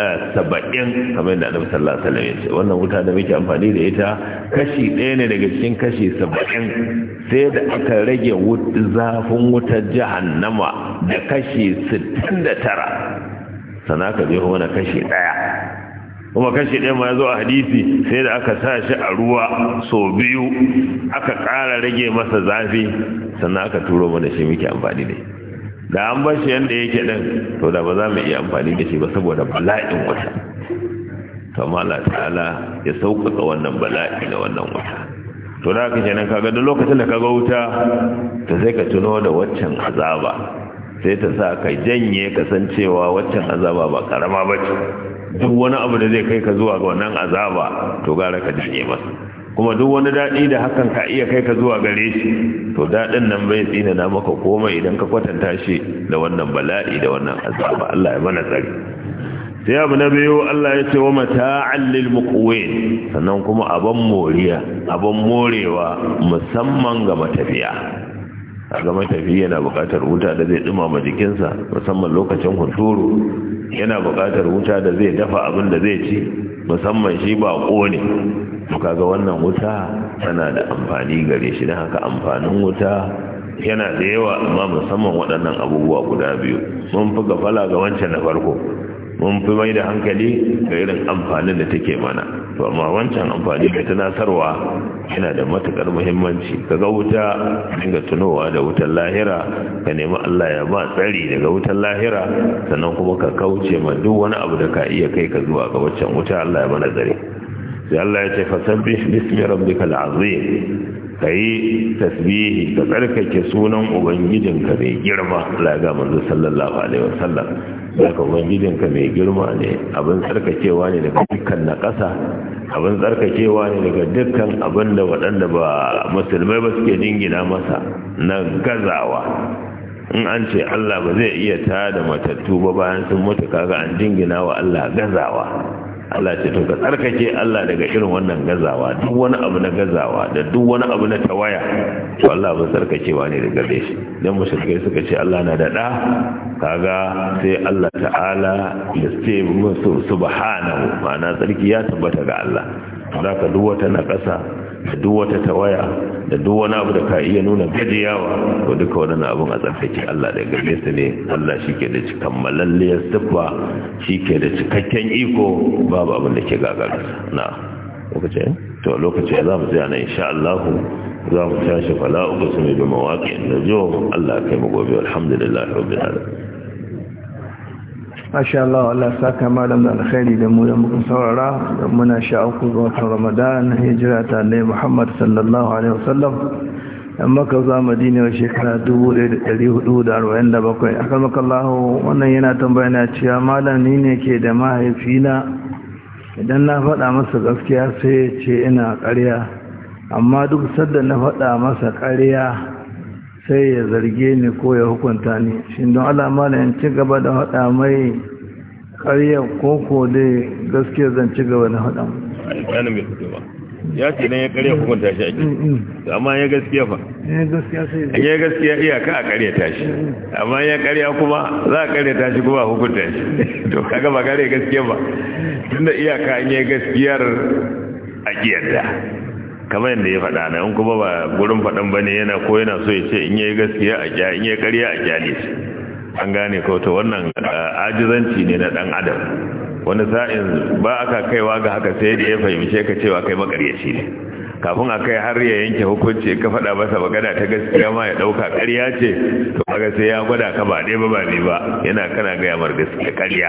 Speaker 1: eh, saba'in kamar da annabi sallallahu alaihi wasallam yace wannan wuta da muke amfani da ita kashi ɗaya ne daga cikin kashi saba'in sai da aka rage zafin wutar jahannama da kashi sittin da tara sana ka je wani kashi ɗaya kuma kashi ɗaya ma ya zo a hadisi sai da aka sa shi a ruwa sau biyu aka ƙara rage masa zafi sannan aka turo mana shi muke amfani da da an bar shi yadda yake ɗin to da ba za mu iya amfani da shi ba saboda bala'in wata to Allah ta'ala ya sauƙaƙa wannan bala'i da wannan wata to da haka kenan kaga duk lokacin da kaga wuta to sai ka tuno da waccan azaba sai ta sa ka janye kasancewa waccan azaba ba karama ba ce duk wani abu da zai kai ka zuwa ga wannan azaba to gara ka janye masa kuma duk wani daɗi da hakan ka iya kai ka zuwa gare shi to daɗin nan bai tsina na maka komai idan ka kwatanta shi da wannan bala'i da wannan azaba Allah ya mana tsari sai abu na biyu Allah ya ce wa mata'an lil muqwin sannan kuma abin moriya abin morewa musamman ga matafiya a ga matafiya yana bukatar wuta da zai dumama jikinsa musamman lokacin hunturu yana buƙatar wuta da zai dafa abin da zai ci musamman shi ba ne to kaga wannan wuta tana da amfani gare shi don haka amfanin wuta yana da yawa amma musamman waɗannan abubuwa guda biyu mun fi gafala ga wancan na farko mun fi mai da hankali ga irin amfanin da take mana to amma wancan amfani mai tunasarwa yana da matukar muhimmanci ga wuta daga tunowa da wutar lahira ka nemi Allah ya ba tsari daga wutar lahira sannan kuma ka kauce ma duk wani abu da ka iya kai ka zuwa ga waccan wuta Allah ya mana tsari sai Allah ya ce fasabbih bismi rabbikal azim ka yi tasbihi ka tsarkake sunan ubangijinka mai girma laga manzo sallallahu alaihi wasallam daga ubangijinka mai girma ne abin tsarkakewa ne daga dukkan na ƙasa abin tsarkakewa ne daga dukkan abin da waɗanda ba musulmai ba suke dingina masa na gazawa in an ce Allah ba zai iya tada matattu ba bayan sun mutu kaga an dingina wa Allah gazawa Allah ce to ka tsarkake Allah daga irin wannan gazawa duk wani abu na gazawa da duk wani abu na tawaya to Allah ba tsarkakewa ne daga gare shi dan mushrikai suka ce Allah na da kaga sai Allah ta'ala ya ce musu subhanahu ma'ana tsarki ya tabbata ga Allah zaka duk wata na kasa da duk wata tawaya da duk wani abu da ka iya nuna gajiyawa ko duka waɗannan abin a tsarkake Allah da gare su ne Allah shi ke da kammalalle siffa shi ke da cikakken iko babu abin da ke gagara na lokaci to lokaci za mu tsaya na insha Allah za mu tashi fala uqsimu bi mawaqi'in nujum Allah kai mu gobe alhamdulillahi rabbil alamin masha Allah Allah saka malam da alkhairi da mu da muka saurara da muna sha uku ga watan Ramadan hijira ta Annabi Muhammad sallallahu alaihi wasallam dan maka zuwa Madina wa shekara 1447 akan maka wannan yana tambaya na cewa malam ni ne ke da mahaifina idan na faɗa masa gaskiya sai ya ce ina ƙarya amma duk sadda na faɗa masa ƙarya sai ya zarge ni ko ya hukunta ni shi don Allah malamin ci gaba da haɗa mai ƙarya ko ko dai gaskiya zan ci gaba da haɗa ya ce nan ya ƙarya hukunta shi ake mm, mm. amma ya gaskiya fa ya gaskiya iyaka a ƙarya tashi mm, amma ya ƙarya kuma za a ƙarya tashi kuma a hukunta shi to kaga ba ƙarya gaskiya ba tunda iyaka an yi gaskiyar a ƙiyarta kamar yadda ya faɗa na in kuma ba gurin faɗan ba ne yana ko yana so ya ce in yayi gaskiya a ja in yi ƙarya a kyale shi an gane ko wannan ah, ajizanci ne na ɗan adam wani sa'in ba aka kaiwa ga haka sai da ya fahimce ka cewa kai makaryaci ne kafin a kai har ya yanke hukunci ka faɗa masa magana ta gaskiya ma ya ɗauka ƙarya ce to kaga sai ya gwada ka ba ɗaya ba ba ba yana kana gaya mar gaskiya ƙarya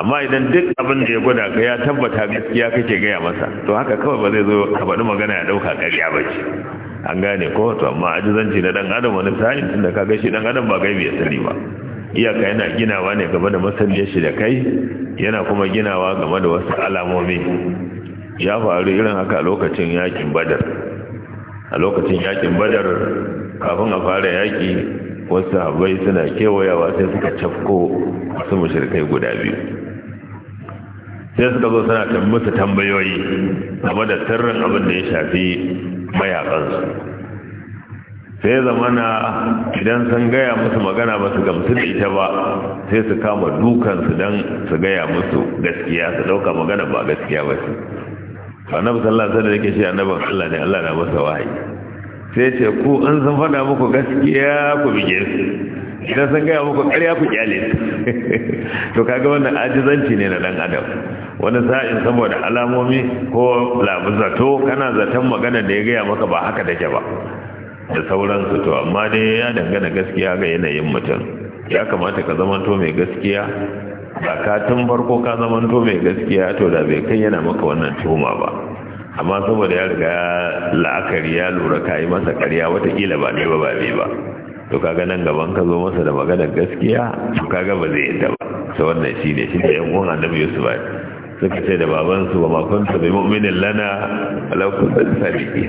Speaker 1: amma idan duk abin da ya gwada ka ya tabbata gaskiya kake gaya masa to haka kawai ba zai zo ka faɗi magana ya ɗauka ƙarya ba ce an gane ko to amma ajizanci na ɗan adam wani sa'in da ka shi ɗan adam ba gaibi ya sani ba iyaka yana ginawa ne game da masaniyar shi da kai yana kuma ginawa game da wasu alamomi ya faru irin haka a lokacin yakin badar a lokacin yakin badar kafin a fara yaki wasu habai suna kewayawa sai suka cafko wasu mashirkai guda biyu sai suka zo suna musu tambayoyi game da abin da ya shafi mayakansu sai zamana idan sun gaya musu magana ba su gamsu da ita ba sai su kama dukansu don su gaya musu gaskiya su ɗauka magana ba gaskiya ba su annabi sallallahu alaihi wasallam yake shi annaban Allah ne Allah na masa wahayi sai ce ku an san faɗa muku gaskiya ku bige su idan san gaya muku ƙarya ku kyale to kaga wannan ajizanci ne na dan adam wani sa'in saboda alamomi ko labuzato kana zaton magana da ya gaya maka ba haka take ba da sauransu to amma dai ya dangana gaskiya ga yanayin mutum ya kamata ka zamanto mai gaskiya Ba ka tun farko ka zaman to mai gaskiya to da bai kai yana maka wannan tuhuma ba amma saboda ya riga la'akari ya lura ka yi masa ƙarya watakila ba ne ba ba ne ba to kaga nan gaban ka zo masa da maganar gaskiya to kaga ba zai yadda ba sai wannan shi ne shi ne yan uwan annabi yusuf ba suka ce da babansu ba makon ta bai mu'minin lana alaukun da sadiki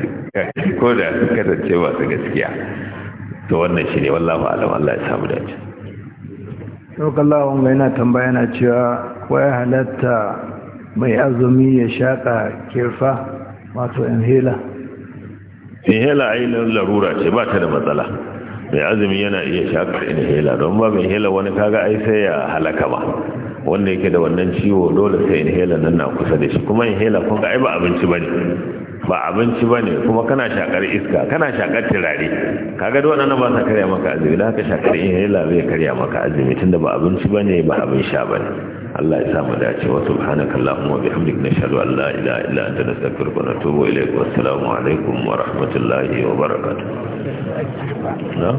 Speaker 1: ko da suka tace masu gaskiya to wannan shi ne wallahu alam Allah ya samu dace lawan ga yana tambaya na cewa kwaya halatta mai azumi ya shaƙa kirfa wato inhela inhela a yi larura ce ba ta da matsala mai azumi yana iya shaƙa inhela don ba mai inhela wani kaga ai sai ya halaka ba wanda yake da wannan ciwo dole sai inhela nan na kusa da shi kuma inhela kun ga ai ba abinci ba ne ba abinci ba ne kuma kana shakar iska kana shakar turare kaga da waɗannan ba sa karya maka azumi da haka shakar inhaler ya karya maka azumi tunda ba abinci ba ne ba abin sha ba ne Allah ya samu dace wa subhanaka allahumma wa bihamdika nashhadu an la ilaha illa anta nastaghfiruka wa natubu ilayk wa assalamu alaikum wa rahmatullahi wa barakatuh